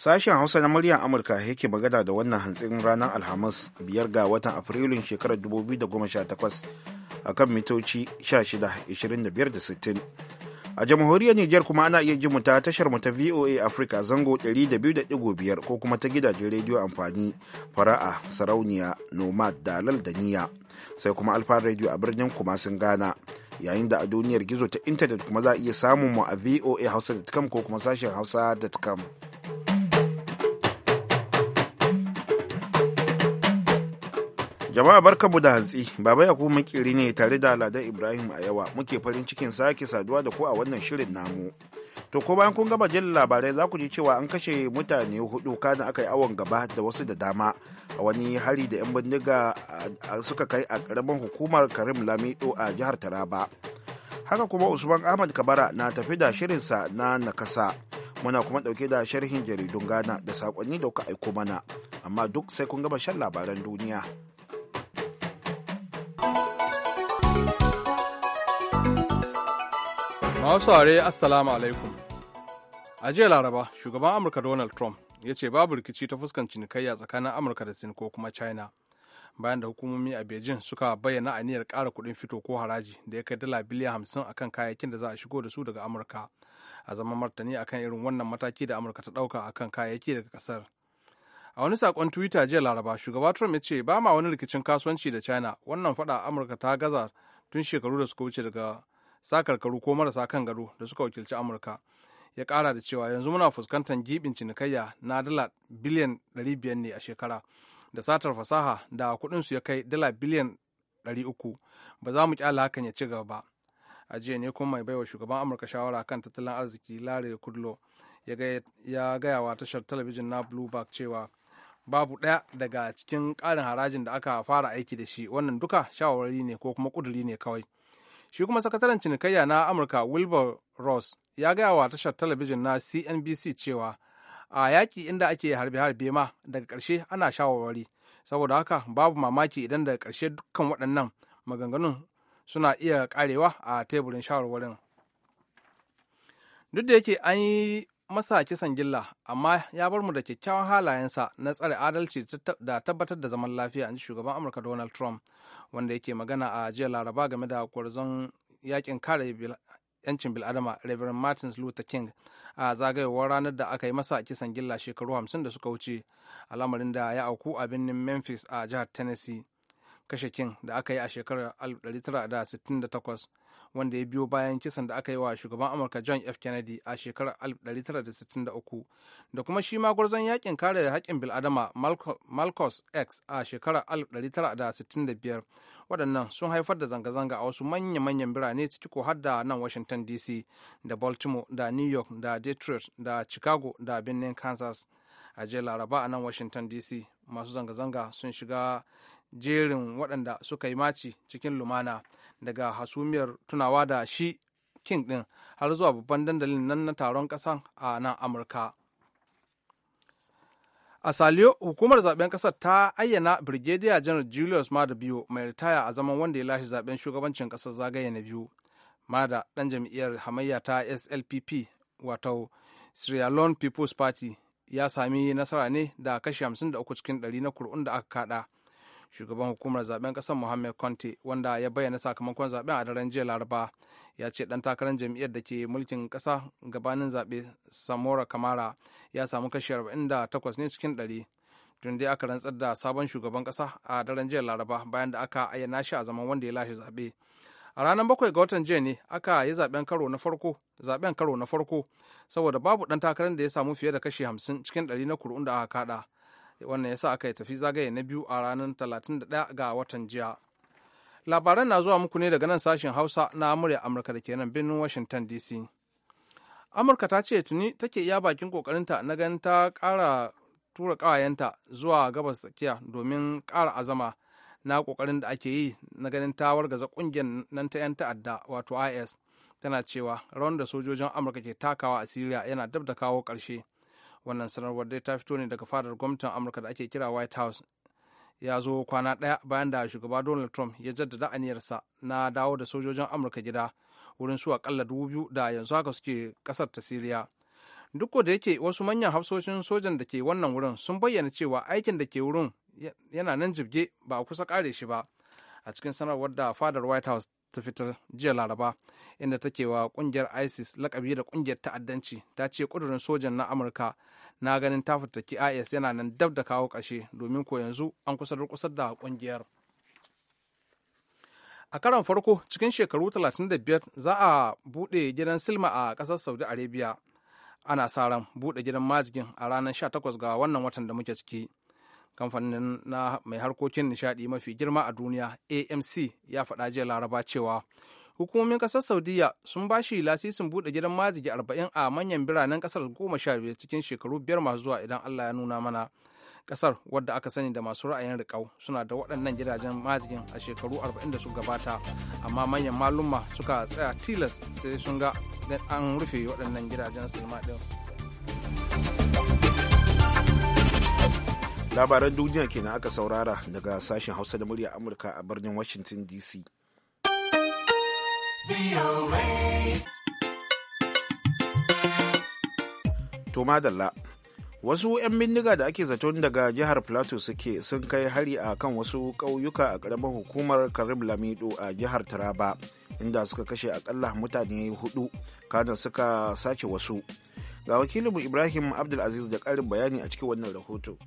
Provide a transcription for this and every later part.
Sashen Hausa na muryar Amurka yake magana da wannan hantsin ranar Alhamis biyar ga watan Afrilun shekarar 2018 a kan mitoci 16 60 A jamhuriyar Nijar kuma ana iya jin ta tashar mu ta VOA Africa zango 200.5 ko kuma ta gidajen rediyo amfani fara'a sarauniya nomad dalal da niya sai kuma alfa rediyo a birnin kuma sun gana yayin da a duniyar gizo ta intanet kuma za a iya samun mu a voa hausa.com ko kuma sashen hausa.com. Jama'a mu da hantsi, Baba kuma makiri ne tare da aladar Ibrahim a yawa muke farin cikin sake saduwa da ku a wannan shirin namu. To ko bayan kun gama jin labarai za ku ji cewa an kashe mutane hudu kana aka yi awon gaba da wasu da dama a wani hari da 'yan bindiga suka kai a karamin hukumar Karim Lamido a jihar Taraba. Haka kuma Usman Ahmad Kabara na tafi da shirinsa na nakasa. Muna kuma dauke da sharhin jaridun gana da sakonni da kuka aiko mana, amma duk sai kun gama shan labaran duniya. Masu are Assalamu alaikum. A jiya Laraba, shugaban Amurka Donald Trump ya ce babu rikici ta fuskan cinikayya tsakanin Amurka da Sin ko kuma China. Bayan da hukumomi a Beijing suka bayyana aniyar ƙara kuɗin fito ko haraji da ya kai dala biliyan hamsin akan kayayyakin da za a shigo da su daga Amurka. A zaman martani akan irin wannan mataki da Amurka ta ɗauka akan kayayyaki daga ƙasar. a wani sakon twitter jiya laraba shugaba trump ya ce ba ma wani rikicin kasuwanci da china wannan faɗa amurka ta gaza tun shekaru da suka wuce daga sa sakarkaru ko marasa kan gado da suka wakilci amurka ya kara da cewa yanzu muna fuskantar gibin cinikayya na dala biliyan 500 ne a shekara da satar fasaha da kudinsu ya kai dala biliyan 300 ba za mu kyala hakan ya ci gaba ba a jiya ne kuma mai baiwa shugaban amurka shawara kan tattalin arziki lare kudlo ya gaya wa tashar talabijin na bloomberg cewa babu ɗaya daga cikin ƙarin harajin da aka fara aiki da shi wannan duka shawarwari ne ko kuma ƙuduri ne kawai Shi kuma sakataren cinikayya na Amurka Wilbur Ross ya gaya wa tashar talabijin na CNBC cewa a yaƙi inda ake harbe-harbe ma daga ƙarshe ana shawarwari saboda haka babu mamaki idan daga ƙarshe dukkan waɗannan maganganun suna iya ƙarewa a teburin shawarwarin. Duk da yake an yi masa kisan gilla amma ya bar mu da kyakkyawan halayensa na tsare adalci da tabbatar da zaman lafiya in shugaban amurka donald trump wanda yake magana a jiya laraba game da kwarzon yakin kare yancin bil'adama Reverend martins Luther King a zagayowar ranar da aka yi masa kisan gilla shekaru 50 da suka wuce al'amarin da ya auku a birnin Memphis a jihar Tennessee. Kashe King da aka yi a shekarar 1968 wanda ya biyo bayan kisan da aka yi wa shugaban amurka john f kennedy a shekarar 1963 da kuma shi ma gwarzon yakin kare da haƙƙin biladama malcos x a shekarar 1965 waɗannan sun haifar da zanga-zanga a wasu manya-manyan birane ciki ko har da nan washington dc da baltimore da new york da detroit da chicago da birnin kansas a jiya laraba a nan washington dc masu zanga-zanga sun shiga jerin waɗanda suka yi maci cikin lumana daga hasumiyar tunawa da shi king ɗin har zuwa babban dandalin nan na taron ƙasan a nan amurka a saliyo hukumar zaben ƙasar ta ayyana brigadier general julius mada biyu mai ritaya a zaman wanda ya lashe zaben shugabancin ƙasar zagaye na biyu mada ɗan jam'iyyar hamayya ta slpp wato sierra leone people's party ya sami nasara ne da kashi 53 cikin 100 na kur'un da aka kada shugaban hukumar zaben kasar mohammed conte wanda ya bayyana sakamakon zaben a daren jiya laraba ya ce dan takarar jam'iyyar da ke mulkin kasa gabanin zaɓe samora kamara ya samu kashi 48 ne cikin 100 tun dai aka rantsar da sabon shugaban kasa a daren jiya laraba bayan da aka ayyana shi a zaman wanda ya lashe zaɓe a ranar bakwai ga watan jiya ne aka yi zaben karo na farko zaben karo na farko saboda babu dan takarar da ya samu fiye da kashi 50 cikin 100 na kur'un da aka kada wannan ya sa aka yi tafi zagaye na biyu a ranar 31 ga watan jiya labaran na zuwa muku ne daga nan sashen hausa na murya amurka da ke nan birnin washington dc amurka ta ce tuni take iya bakin kokarinta na ganin ta kara tura kawayenta zuwa gabas tsakiya domin kara azama na kokarin da ake yi na ganin ta wargaza kungiyar nan ta 'yan ta'adda wato is tana cewa rawar da sojojin amurka ke takawa a syria yana dab da kawo ƙarshe wannan sanarwar dai ta fito ne daga fadar gwamnatin amurka da ake kira white house ya zo kwana ɗaya bayan da shugaba donald trump ya jaddada aniyarsa na dawo da sojojin amurka gida wurin su akalla dubu biyu da yanzu haka suke ƙasar ta siriya duk da yake wasu manyan hafsoshin sojan da ke wannan wurin sun bayyana cewa aikin da ke wurin yana nan jibge ba a kusa kare shi ba a cikin sanarwar da fadar white house ta fitar jiya laraba inda take wa kungiyar isis lakabi da kungiyar ta'addanci ta ce kudurin sojan na amurka na ganin ta fitaki is yana nan dab da kawo kashe domin ko yanzu an kusa durkusar da kungiyar a karon farko cikin shekaru 35 za a buɗe gidan silma a ƙasar saudi arabia ana sa ran buɗe gidan majigin a ranar 18 ga wannan watan da muke ciki kamfanin na mai harkokin nishadi mafi girma a duniya amc ya faɗa jiya laraba cewa hukumomin ƙasar saudiya sun ba shi lasisin buɗe gidan mazigi arba'in a manyan biranen ƙasar goma sha biyar cikin shekaru biyar masu zuwa idan allah ya nuna mana ƙasar wadda aka sani da masu ra'ayin riƙau suna da waɗannan gidajen mazigin a shekaru arba'in da su gabata amma manyan malumma suka tsaya tilas sai sun ga an rufe waɗannan gidajen sinima ɗin. labaran duniya kenan aka saurara daga sashen hausa da murya amurka a birnin washington dc to madalla wasu 'yan bindiga da ake zaton daga jihar plateau suke sun kai hari a kan wasu ƙauyuka a ƙaramin hukumar karim lamido a jihar taraba inda suka kashe akalla mutane hudu kana suka sace wasu ga wakilinmu ibrahim abdulaziz da ƙarin bayani a cikin wannan rahoto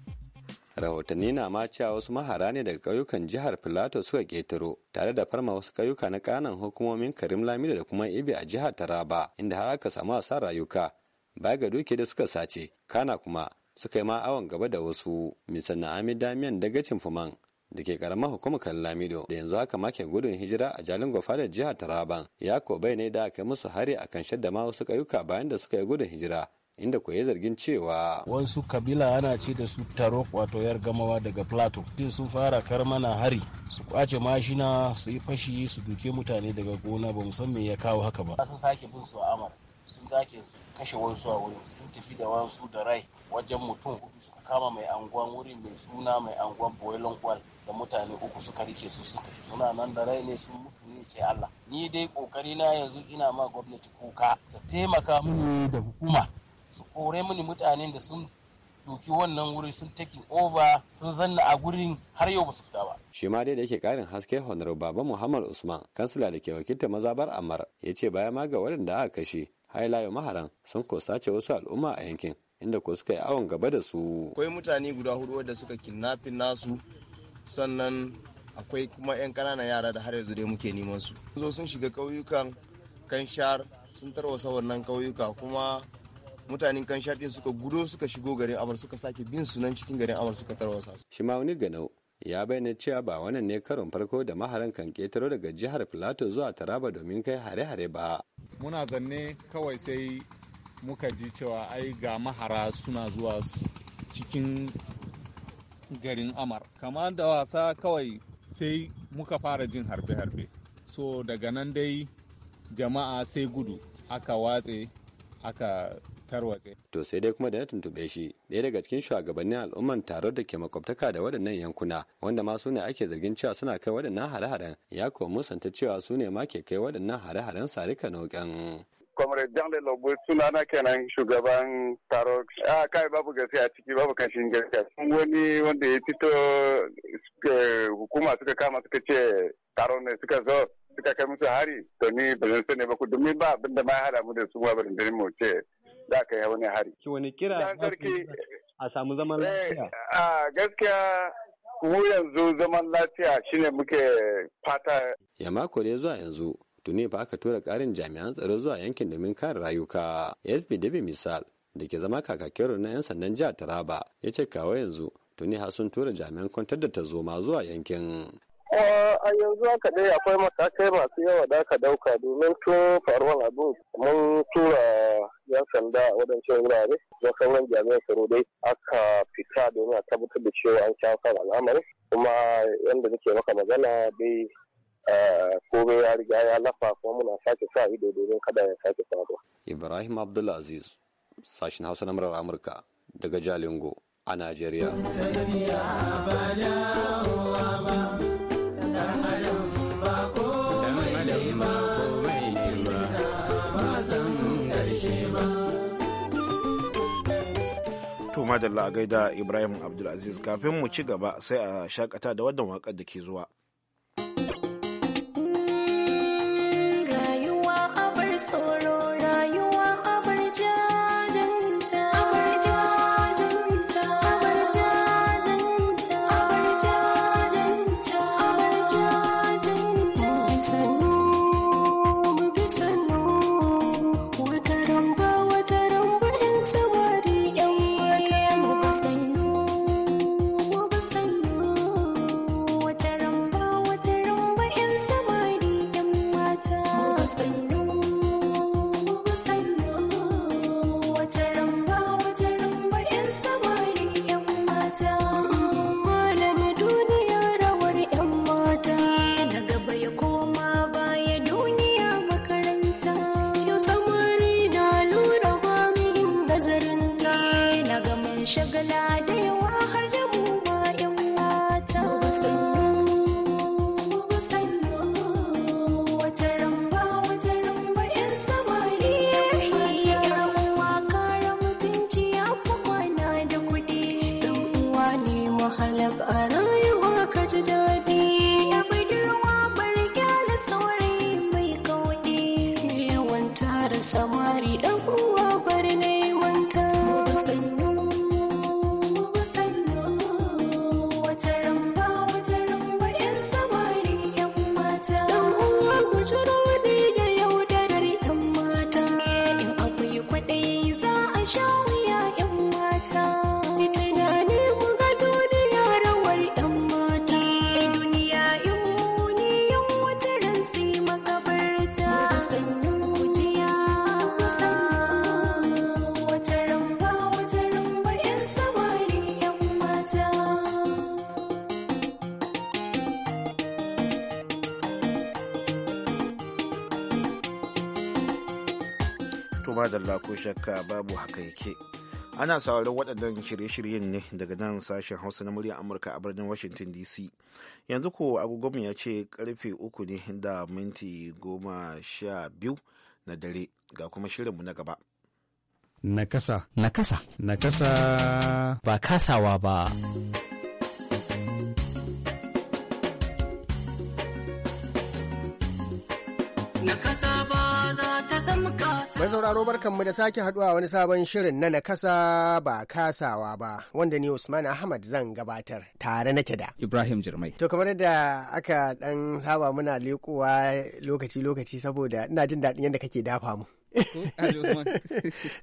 rahotanni na ma cewa wasu mahara ne daga ƙauyukan jihar filato suka ƙetaro tare da farma wasu ƙauyuka na kanan hukumomin karim lamido da kuma ibi a jihar taraba inda har aka samu asar rayuka baya ga duke da suka sace kana kuma suka yi ma awon gaba da wasu misanna ami damian dagacin fuman da ke karamar hukumar Lamido da yanzu haka ma ke gudun hijira a Jalin da jihar Taraban ya ko bai ne da aka yi musu hari a kan shaddama wasu kayuka bayan da suka yi gudun hijira inda kuwa ya zargin cewa wasu kabila ana ce da su taro wato yar gamawa daga plato sun fara kar mana hari su kwace mashina su yi fashi su duke mutane daga gona ba san me ya kawo haka ba sun sake bin su amar sun sake kashe wasu a wurin sun tafi da wasu da rai wajen mutum hudu suka kama mai anguwan wurin mai suna mai anguwan boilon kwal da mutane uku suka rike su suka tafi suna nan da rai ne sun mutu ne sai Allah ni dai kokari na yanzu ina ma gwamnati kuka ta taimaka mini da hukuma su kore mini mutanen da sun doki wannan wuri sun take over sun zanna a gurin har yau ba su fita ba. Shi ma dai da yake karin haske honar baba Muhammad Usman kansila da ke wakilta mazabar Amar ya ce baya ma ga waɗanda aka kashe hailayo maharan sun ko sace wasu al'umma a yankin inda ko suka yi awon gaba da su. Akwai mutane guda hudu wadda suka kidnapping nasu sannan akwai kuma 'yan kananan yara da har yanzu dai muke neman su. Zo sun shiga ƙauyukan Kanshar sun tarwasa wannan ƙauyuka kuma mutanen kan shaɗin suka gudo suka shigo garin amur suka sake bin sunan cikin garin amur suka tarwasa su. wani ganau ya bayyana cewa ba wannan ne karon farko da maharan kan ketaro daga jihar filato zuwa taraba domin kai hare-hare ba muna zanne kawai sai muka ji cewa ai ga mahara suna zuwa cikin garin amar kama da wasa kawai sai muka fara jin harbe-harbe so daga nan dai jama'a sai gudu aka watse aka tarwatse. To sai dai kuma da na tuntuɓe shi ɗaya daga cikin shugabannin al'umman taron da ke makwabtaka da waɗannan yankuna wanda ma su ne ake zargin cewa suna kai waɗannan hare-haren ya kuwa musanta cewa su ne ma ke kai waɗannan hare-haren sarika noƙen. comrade Jan Lobo sunana kenan shugaban taro a ah, kai babu gasi a ciki babu kashin gaskiya wani wanda ya fito eh, hukuma suka kama suka ce taron ne suka zo suka kai musu hari to ni ba zan sani ba ku domin ba abinda ma ya hada mu da su ba ba mu ce za ka yi wani hari. Ki wani kira a samu zaman eh, lafiya? A gaskiya mu yanzu zaman lafiya shine muke fata. Ya mako ne zuwa yanzu tuni fa aka tura karin jami'an tsaro zuwa yankin domin kare rayuka. SP Dabi misal da ke zama kakakin na 'yan sandan jihar Taraba ya ce kawai yanzu tuni har sun tura jami'an kwantar da ta zoma zuwa yankin. a yanzu haka dai akwai matakai masu yawa da aka dauka domin tun faruwar abin mun tura yan sanda a wadancan wurare da sauran jami'an tsaro dai aka fita domin a tabbatar da cewa an sha kan al'amari, kuma yadda nake maka magana dai kome ya riga ya lafa kuma muna sake sa ido domin kada ya sake faruwa. Ibrahim Abdulaziz, sashen Hausa na murar Amurka daga Jalingo a Najeriya. ce da to a gaida ibrahim abdulaziz kafin mu ci gaba sai a shakata da wannan wakar da ke zuwa hmm, rayuwa abar kuma da lako shakka babu haka yake. Ana sauraron waɗannan shirye-shiryen ne daga nan sashen Hausa na muryar Amurka a birnin Washington DC. Yanzu ko agogon ya ce karfe uku ne da minti goma sha biyu na dare ga kuma shirinmu na gaba. Nakasa. Nakasa. Nakasa. Ba kasawa ba. Nakasa ba. sauraro barkanmu da sake haduwa wani sabon shirin na nakasa ba kasawa ba wanda ni Usman Ahmad zan gabatar tare nake da Ibrahim Jirmai. To kamar yadda aka dan saba muna lekowa lokaci-lokaci saboda ina jin daɗin yadda kake dafa mu.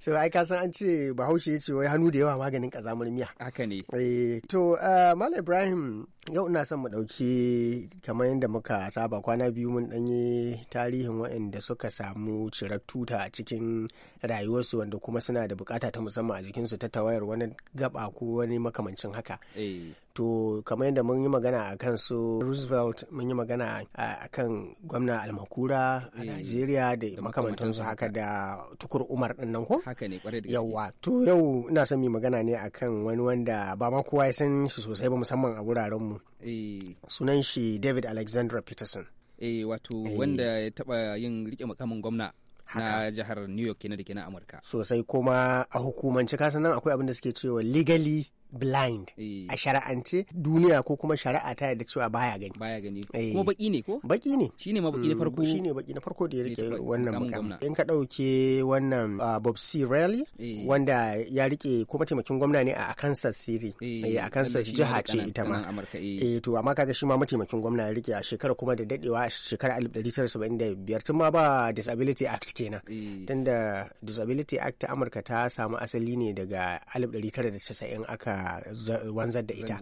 so ai kasan san an ce bahaushe ya ce wai hannu da yawa maganin kazamar miya. Haka ne. Eh, to eh, Malam Ibrahim yau ina son mu ɗauki kamar yadda muka saba kwana biyu mun ɗanyi tarihin waɗanda suka samu cirar tuta a cikin rayuwarsu wanda kuma suna da bukata ta musamman a jikinsu ta tawayar wani gaba ko wani makamancin haka eh. to kamar yadda mun yi magana a kan su roosevelt mun yi magana a kan gwamna almakura a eh. nigeria da makamantansu haka da tukur umar din nan ko haka ne kwarai da yawa to yau ina son mu magana ne akan wani wanda ba ma kowa ya san shi sosai ba musamman a wuraren mu Eh. Sunan shi David Alexander Peterson. e wato eh. wanda ya taba yin rike makamin gwamna na jihar New York kenan da ke na Amurka. Sosai kuma a hukumance kasan nan akwai abin da suke cewa legally blind a eh. shari'ance duniya ko kuma shari'a ta yadda cewa baya gani baya gani eh. kuma baki ne ko baki ne shine ma baki na mm, farko shine baki na farko da ya rike eh, wannan mukam in ka dauke wannan uh, Bob C Riley wanda ya rike kuma taimakin gwamna ne a Kansas City eh a Kansas jiha ce ita ma eh to amma kaga shi ma mataimakin gwamna ya rike a shekarar kuma da dadewa a shekarar 1975 tun ma ba disability act kenan tunda disability act ta Amurka ta samu asali ne daga 1990 aka ita. wanzar da ita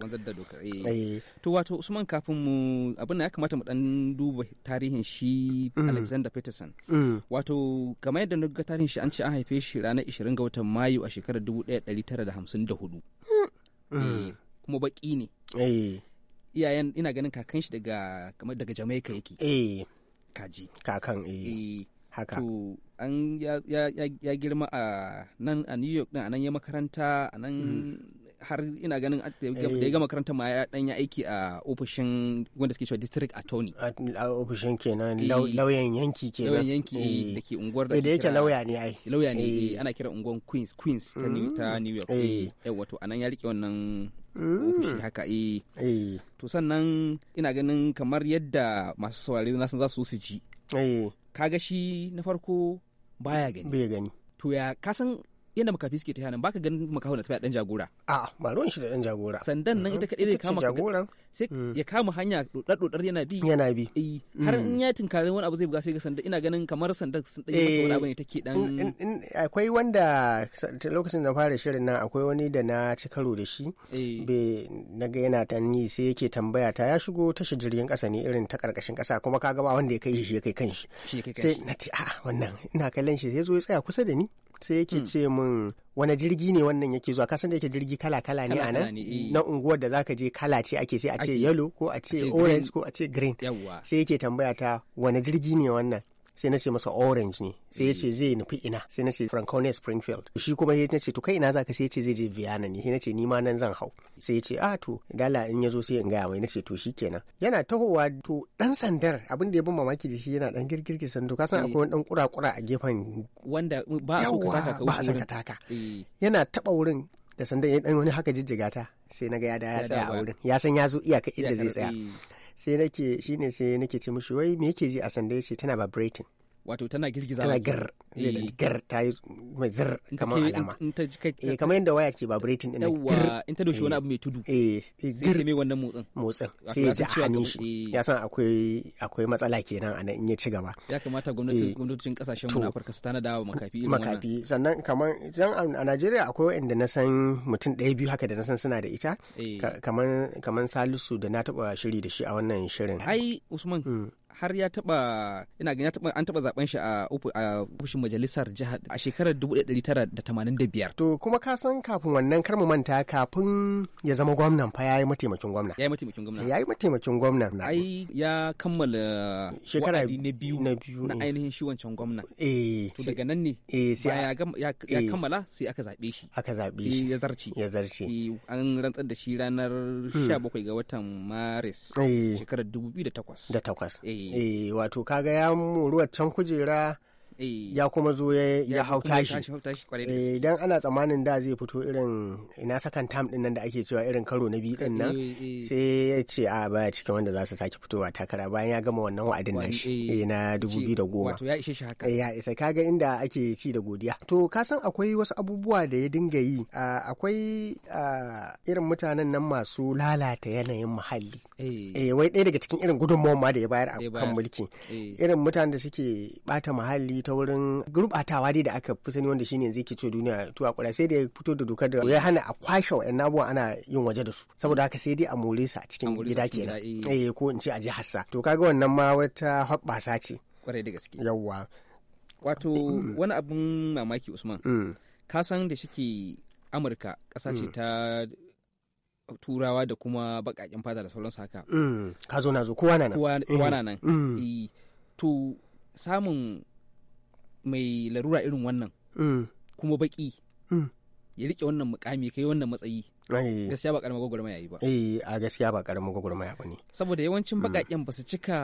eh. Eh. to wato usman kafin mu abin da ya kamata mu dan duba tarihin shi mm. alexander peterson mm. wato kamar yadda na tarihin shi an ce an haife shi ranar 20 ga watan mayu a shekarar 1954 mm. eh, kuma baƙi ne iyayen ina ganin kakan shi daga kamar daga jamaica yake kaji kakan eh haka to an ya, ya girma a nan a new york din a nan ya makaranta a nan har ina ganin da ya gama eh. karanta ma ya dan aiki a ofishin wanda suke cewa district attorney a ofishin kenan eh. lauyan yanki kenan lauyan yanki eh. da ke unguwar da da yake lauya ne ai lauya ne ana kira unguwar Queens Queens ta New ta mm. New York eh wato anan ya rike wannan mm. ofishi haka eh to sannan ina ganin kamar yadda masu saurare na san za su su ji kaga shi na farko baya gani Baya gani to ya kasan yadda makafi suke ta nan baka ganin makaho na tafiya dan jagora a ba ruwan shi da dan jagora sandan nan ita kadai zai kama sai mm. ya kama hanya dodar yana bi yana bi eh, har mm. in ya tinkari wani abu zai buga sai ga sandan ina ganin kamar sandan sun dan wani eh, abu ne take dan akwai wanda lokacin da fara shirin nan akwai wani da na ci karo da shi eh. be naga yana tan yi sai yake tambaya ta ya shigo tashi jirgin kasa ne irin ta karkashin kasa kuma ka ba wanda ya kai shi ya kai kanshi sai na ce a wannan ina kallon shi sai zo ya tsaya kusa da ni sai yake hmm. ce min wani jirgi ne wannan yake zuwa kasan da yake jirgi kala-kala ne anan eh. na unguwar da zaka je kala ce ake sai a ce yellow ko a ce orange ko a ce green sai yake tambaya ta wani jirgi ne wannan sai na ce masa orange ne sai ya ce mm. zai nufi ina sai na ce franconia springfield shi kuma ya ce to kai ina zaka sai ya ce zai je viana ne sai na ce ni ma nan zan hau sai ya ce a ah, to dala in ya zo sai in gaya mai na ce to shi kenan. yana tahowa to dan sandar abin da ya bin mamaki da shi yana dan girgirgi sandu ka san eh. akwai wani dan kura-kura a gefen wanda ba a so ka taka ba a saka taka eh. yana taba wurin da sandan ya dan wani haka jijjiga ta sai na ga ya da ya tsaya a wurin ya san ya zo iyaka inda zai tsaya eh. sai nake shine sai nake ce mushi wai me yake ji a sanda ce tana vibrating wato tana girgiza tana gar eh. eh, gar ta yi mai zir kamar alama eh, kamar yadda waya ke vibrating din yawa in ta doshi wani abu mai tudu eh zai mai wannan motsin motsin sai ya ji hannun shi ya san akwai akwai matsala kenan a nan in ya ci gaba ya kamata gwamnatin gwamnatocin kasashen mu na Afirka su tana dawa makafi irin wannan makafi sannan kamar jan a Najeriya akwai wanda na san mutum ɗaya biyu haka da na san suna da ita kamar kamar Salisu da na taɓa shiri da shi a wannan shirin ai Usman mm. har ya taba ina gina taba an taba zaben shi a ofishin majalisar jihar a shekarar 1985 to kuma ka san kafin wannan kar manta kafin ya zama gwamnan fa yayi mataimakin gwamna yayi mataimakin gwamna yayi mataimakin gwamna ai ya kammala shekara na biyu na biyu na ainihin shi wancan gwamna eh to daga nan ne eh sai ya eh. kammala sai aka zabe shi aka zabe shi ya zarce ya zarce eh, an rantsar da shi ranar 17 hmm. ga watan maris eh. shekarar 2008 da 8 eh eh wato kaga ya muruwar can kujera Eh. ya kuma zo ya hau tashi idan eh, ana tsammanin da zai fito irin ina sakan tam din nan da ake cewa irin karo na biyu din nan eh, sai ya ce a ah, baya cikin wanda za su sake fitowa takara bayan ya gama wannan wa'adin nashi na 2010 wato ya ishe shi haka ya isa kaga inda ake ci da godiya to ka san akwai wasu abubuwa da ya dinga yi ah, akwai ah, irin mutanen nan masu lalata yanayin muhalli wai ɗaya daga cikin irin gudunmawar ma da ya bayar a kan mulki irin mutanen da suke bata muhalli ta wurin gurbatawa dai da aka fi sani wanda shine yanzu ke ce duniya to a kura sai da ya fito da dokar da ya hana a kwashe wa'annan abubuwan ana yin waje da su saboda haka sai dai a more su a cikin gida kenan eh. eh ko in ce a jihar sa to kaga wannan ma wata hoɓɓasa ce kwarai da gaske yawwa wato mm. wani abun mamaki Usman mm. ka san da shike Amurka ƙasa ce mm. ta turawa da kuma baƙaƙen fata da sauransu haka. Ka zo na zo kowa na nan. Kowa na eh. nan. Eh. To samun mai larura irin wannan eh. kuma baki eh. ya rike wannan mukami kai wannan matsayi eh. gaskiya ba karamar gwagwarmaya yi ba eh a gaskiya ba karamar gwagwarmaya ba ne saboda yawancin mm. bakaken ba su cika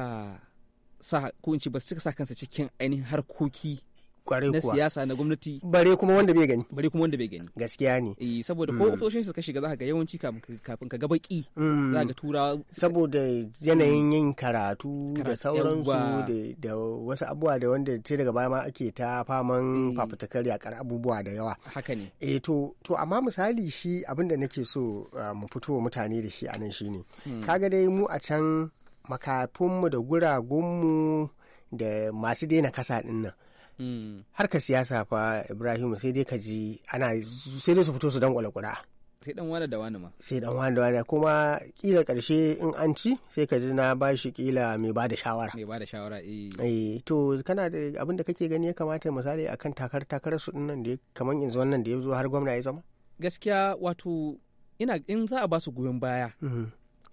sa ko in ce ba su cika sa kansa cikin ainihin harkoki na siyasa na gwamnati bare kuma wanda bai gani bare kuma wanda bai gani gaskiya ne eh saboda ko hmm. ofisoshin su ka shiga zaka ga yawanci kafin ka ga baki hmm. zaka tura saboda yanayin yin karatu hmm. da sauransu da wasu abubuwa da wanda sai daga baya ma ake ta faman eh. fafutukar yakar abubuwa da yawa haka ne eh to to amma misali shi abinda nake so ah, mu fito mutane da shi anan shine kaga dai mu a can makafinmu da guragunmu da masu daina kasa ɗin nan Hmm. harkar siyasa fa ibrahim sai dai ka ji ana sai dai su fito su dan kwalakwala sai dan wani da wani ma sai dan wani da wani kuma kila karshe in an ci sai ka ji na ba shi kila mai ba da shawara mai ba da shawara eh. eh to kana da abin da kake gani ya kamata misali akan takar takarar su nan da kaman yanzu wannan da ya zo har gwamna ya zama gaskiya wato ina in za a ba su goyon baya mm-hmm.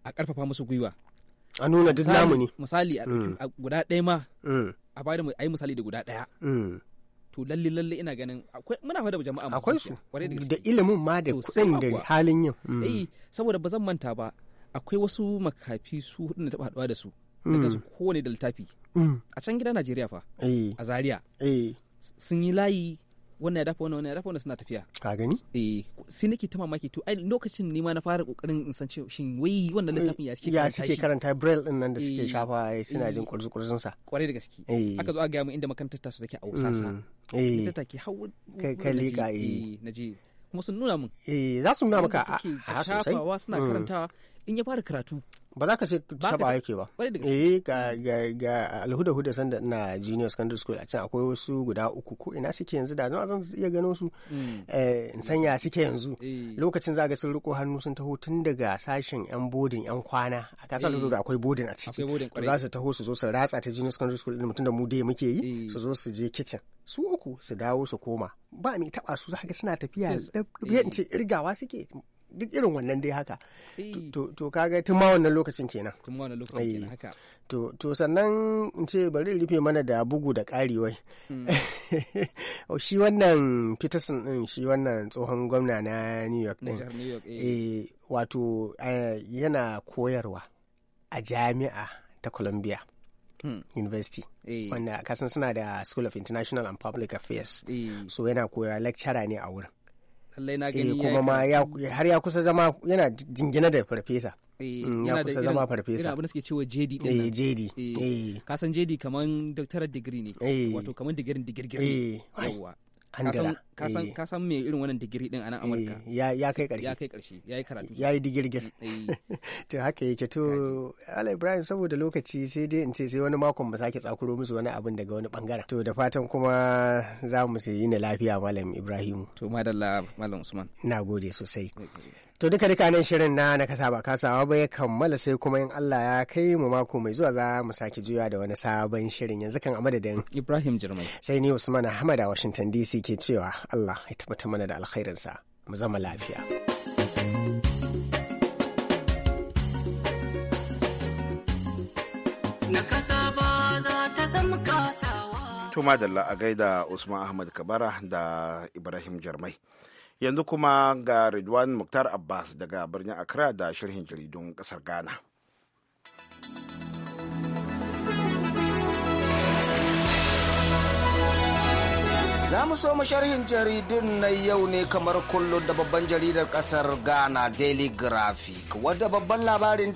a karfafa musu gwiwa a nuna duk namu ne misali a mm. guda ɗaya ma mm. a bada ai misali da guda daya eh. to lalle lalle ina ganin akwai muna fada jama'a akwai su da ilimin ma da kuɗin da halin yin mm. eh saboda ba zan manta ba akwai wasu makafi su hudu na taba haduwa da su daga mm. su kowane da littafi mm. a can gida Najeriya fa eh. a Zaria eh. sun yi layi wannan ya dafa wannan wannan ya dafa wannan suna tafiya ka gani eh sai nake ta mamaki to ai lokacin ne ma na fara kokarin in san cewa shin wai wannan littafin ya suke ya suke karanta braille din nan da suke eh, shafa suna jin kurzu eh. kurzun sa kware da gaske eh. aka zo a ga mu inda makarantar ta su take a usasa mm. eh ta take hawo kai kai lika eh naji kuma sun nuna mun eh za su nuna maka a ah, ah, sosai suna mm. karantawa in ya fara karatu ba za ka ce saba yake ba eh ga ga ga alhuda huda sanda ina junior secondary school a can akwai wasu guda uku ko ina suke yanzu da zan iya gano su hmm. eh, in san ya suke yanzu eh. lokacin za ga sun riko hannu sun taho tun daga sashen yan bodin yan kwana a kasar alhuda da eh. akwai bodin a ciki za su taho su zo su ratsa ta junior secondary school din mutum da mu dai muke yi su zo su je kitchen su uku su dawo su koma ba mai taba su za ga suna tafiya irgawa suke duk irin wannan dai haka to kaga tun ma wannan lokacin kenan to sannan in ce bari rufe mana da bugu da ƙari wai hmm. oh, shi wannan peterson din shi wannan tsohon gwamna na new york din eh. eh wato eh, yana koyarwa a jami'a ta columbia hmm. university eh. wanda kasan suna da school of international and public affairs so yana koyarwa lecturer ne a wurin lallai na eh, gani kuma ma har ya kusa zama yana jingina da farfesa eh, mm, ya kusa zama farfesa irin abin da suke cewa JD din eh JD eh, eh ka san JD kaman doctorate degree ne wato kaman digirin digirgir ne yawa ka san eh. me irin wannan digiri din a nan amurka eh, ya kai karshe ya kai karshe ya yi karatu ya yi digirgir mm, eh. to haka yake to ala ibrahim saboda lokaci sai dai in ce sai wani makon ba sake tsakuro musu wani abin daga wani bangaren to da fatan kuma za mu yi na lafiya malam ibrahim to madalla malam usman na gode sosai To duka duka nan shirin na na kasa ba kasawa ba ya kammala sai kuma in Allah ya kai mu mako mai zuwa za mu sake juya da wani sabon shirin yanzu kan a Ibrahim Jirmai. Sai ni Usman Ahmad a Washington DC ke cewa Allah ya tabbata mana da alkhairinsa mu zama lafiya. Na kasa za ta zama kasawa. Tuma da a gaida Usman Ahmad Kabara da Ibrahim Jirmai. yanzu kuma ga ridwan muktar abbas daga birnin accra da sharhin jaridun kasar ghana Za mu so sharhin jaridun na yau ne kamar kullum da babban jaridar kasar Ghana Daily Graphic wadda babban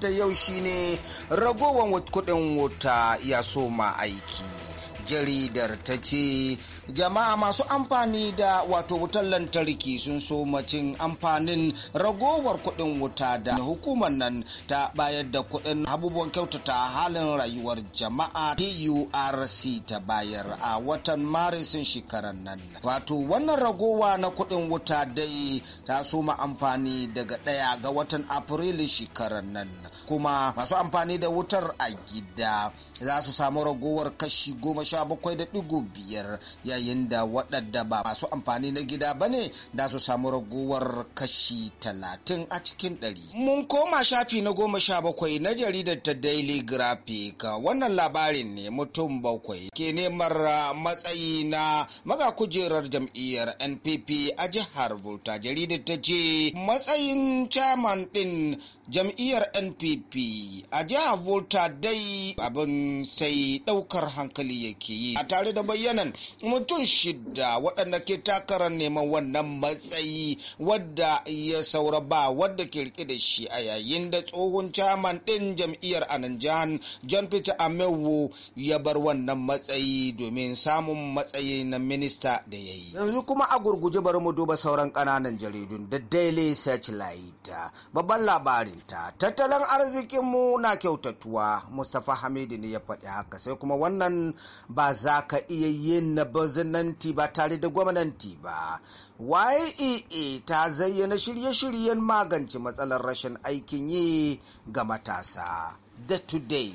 ta yau shine ragowar kudin wuta ya soma aiki. jaridar ta ce jama'a masu amfani da wato wutar lantarki sun so macin amfanin ragowar kuɗin wuta da hukumar nan ta bayar da kuɗin abubuwan kyautata halin rayuwar jama'a PURC ta bayar a watan Marisin shekarar nan. Wato wannan ragowa na kuɗin wuta dai ta soma amfani daga ɗaya ga watan Afrilu shekarar nan. Kuma masu amfani da wutar a gida za su samu ragowar kashi goma sha bakwai da digo biyar yayin da waɗanda ba masu amfani na gida ba ne da su samu ragowar kashi talatin a cikin ɗari. Mun koma shafi na goma sha bakwai na jaridar ta Daily Graphic wannan labarin ne mutum bakwai ke neman ah, matsayi na maga kujerar jam'iyyar NPP a jihar Volta jaridar ta ce matsayin chairman ɗin jam'iyyar NPP a jihar Volta dai abin sai daukar hankali yake yi a tare da bayyanan mutum shida waɗanda ke takarar neman wannan matsayi wadda ya saura ba wadda ke rike da shi a yayin da tsohon caman ɗin jam'iyyar ananjan john peter amewu ya bar wannan matsayi domin samun matsayi na minista da ya yi yanzu kuma a gurguje bari mu duba sauran ƙananan jaridun da daily searchlight babban labarinta tattalin arzikinmu na kyautatuwa mustapha hamidu ne ya faɗi haka sai kuma wannan ba za ka iya yin na bazinanti ba tare da gwamnati ba yee ta zayyana shirye-shiryen magance matsalar rashin aikin yi ga matasa da today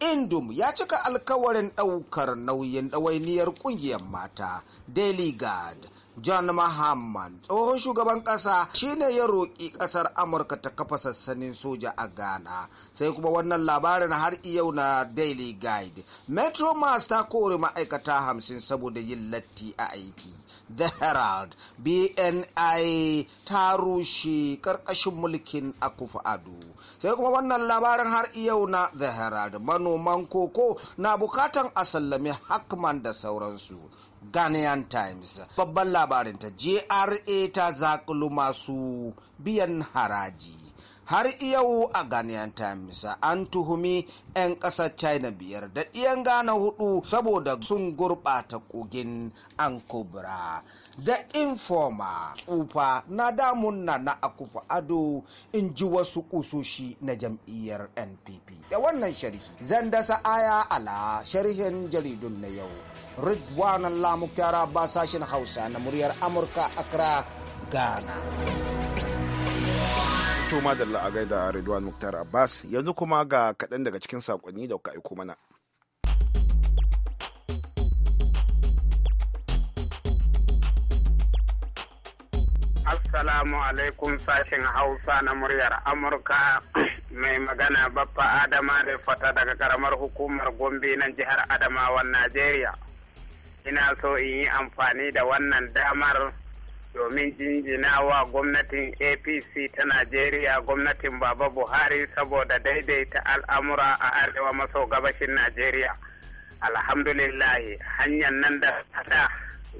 indum ya cika alkawarin ɗaukar nauyin ɗawainiyar ƙungiyar mata daily guard john mahamman tsohon shugaban ƙasa shine ya roƙi ƙasar amurka ta kafa sassanin soja a ghana sai kuma wannan labarin har yau na daily guide metro mass ta kore ma'aikata hamsin saboda yin latti a aiki The Herald, BNI ta rushe ƙarƙashin mulkin Akufu Ado. Sai kuma wannan labarin har yau na The Herald, manoman koko na bukatan a sallami hakman da sauransu. Ghanaian Times, babban labarin labarinta GRA ta zakulu masu biyan haraji. har yau a Ghanaian Times an tuhumi 'yan ƙasar China biyar da ɗiyan Ghana hudu saboda sun gurɓata kogin Ankubra. Da Informa tsufa na damun na na akufa ado in ji wasu kusoshi na jam'iyyar NPP. Da wannan sharhi zan dasa aya ala sharhin jaridun na yau. Ridwan Allah ba sashen Hausa na muryar Amurka Accra, Ghana. To madalla a gaida Ridwan Muktar Abbas yanzu kuma ga kaɗan daga cikin saƙonni da kuka aiko mana. Assalamu alaikum sashen Hausa na muryar Amurka mai magana Baffa Adama da fata daga karamar hukumar Gombe nan jihar Adamawan Najeriya. Ina so in yi amfani da wannan damar domin jinjina wa gwamnatin apc ta najeriya gwamnatin baba buhari saboda daidaita al'amura a arewa maso gabashin najeriya alhamdulillahi hanyar nan da ta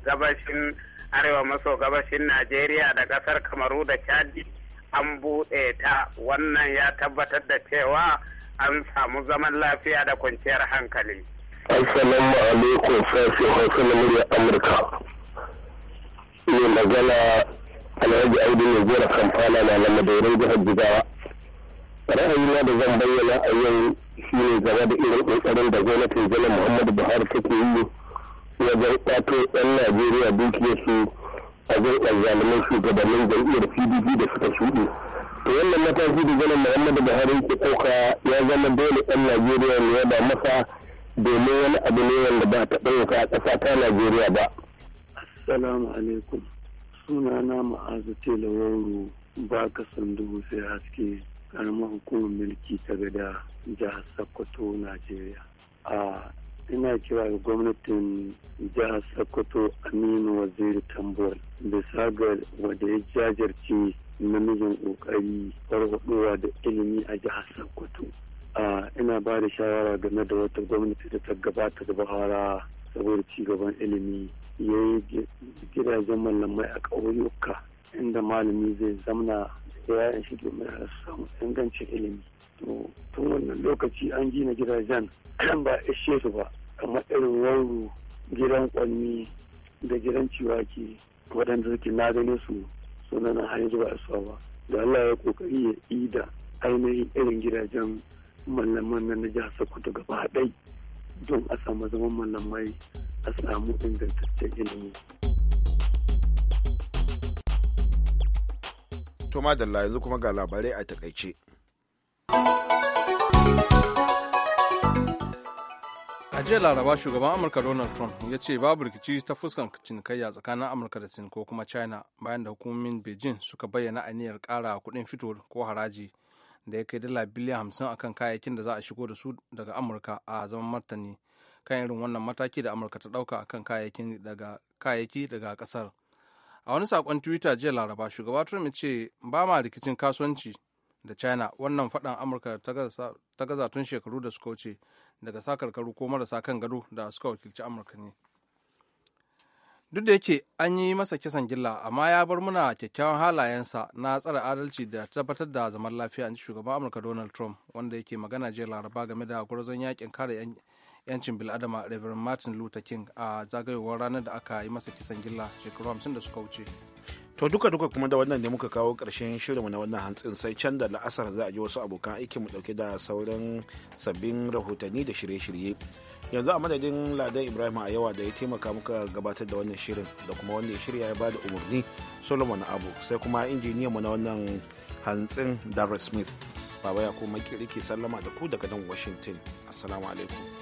gabashin arewa maso gabashin najeriya da kasar kamaru da chadi an buɗe ta wannan ya tabbatar da cewa an samu zaman lafiya da kwanciyar hankali assalamu alaikum sashi hausa na murya amurka mai magana alhaji aidu mai gora kamfana na lamar da wurin jihar jigawa ra'ayina da zan bayyana a yau shi ne game da irin ƙoƙarin da gwamnatin janar muhammadu buhari take yi wajen ƙwato 'yan najeriya su a zai ɗan shugabannin jam'iyyar pdp da suka shuɗe to wannan mataki da janar muhammadu buhari ke ɗauka ya zama dole 'yan najeriya ne ya ba masa domin wani abu ne wanda ba ta ɗauka a ƙasa ta najeriya ba Assalamu alaikum. Sunana ma'azu telawaro ba ka sandu sai haske karamar hukumar mulki ta gada jihar Sokoto, Najeriya. A ina kira ga gwamnatin jihar Sokoto Aminu Waziri Tambol bisa ga wanda ya jajirce namijin kokari farfadowa da ilimi a jihar Sokoto. ina ba da shawara game da wata gwamnati da ta gabata da bahara saboda cigaban ilimi ya yi gidajen mallamai a ƙauyuka inda malami zai zamna da yayan shi domin a samu ingancin ilimi tun wannan lokaci an gina gidajen kan ba ishe su ba kamar irin wauru gidan kwanni da gidan ciwaki waɗanda suke na gane su suna na ba a ba da Allah ya kokari ya ida ainihin irin gidajen malaman na jihar sokoto gaba ɗai don a samu zaman malamai a samu ingantaccen ilimi. To madalla yanzu kuma ga labarai a takaice. a jiya laraba shugaban amurka donald trump ya ce babu rikici ta fuskan cinikayya tsakanin amurka da sin ko kuma china bayan da hukumomin beijing suka bayyana aniyar kara kudin fito ko haraji da ya kai dala biliyan hamsin akan kayayyakin da za a shigo da su daga amurka a zaman martani kan irin wannan mataki da amurka ta ɗauka akan kayayyaki daga kasar. a wani sakon twitter jiya laraba shugaba trump ce ba ma rikicin kasuwanci da china wannan faɗan amurka ta gaza tun shekaru da suka wuce daga sakarkaru ko marasa kan gado da suka wakilci amurka ne duk da yake an yi masa kisan gilla amma ya bar muna kyakkyawan halayensa na tsara adalci da tabbatar da zaman lafiya a shugaban amurka donald trump wanda yake magana jiya laraba game da gwarzon yakin kare yancin biladama reverend martin luther king a zagayowar ranar da aka yi masa kisan gilla shekaru hamsin da suka wuce to duka duka kuma da wannan ne muka kawo karshen shirinmu na wannan hantsin sai can da la'asar za a ji wasu abokan aikinmu dauke da sauran sabbin rahotanni da shirye-shirye yanzu a madadin ladan ibrahim a yawa da ya taimaka muka gabatar da wannan shirin da kuma wanda ya shirya ya bada umarni solomon abu sai kuma injiniyanmu na wannan hantsin darrell smith baba ya kuma ke sallama da ku daga nan washington assalamu alaikum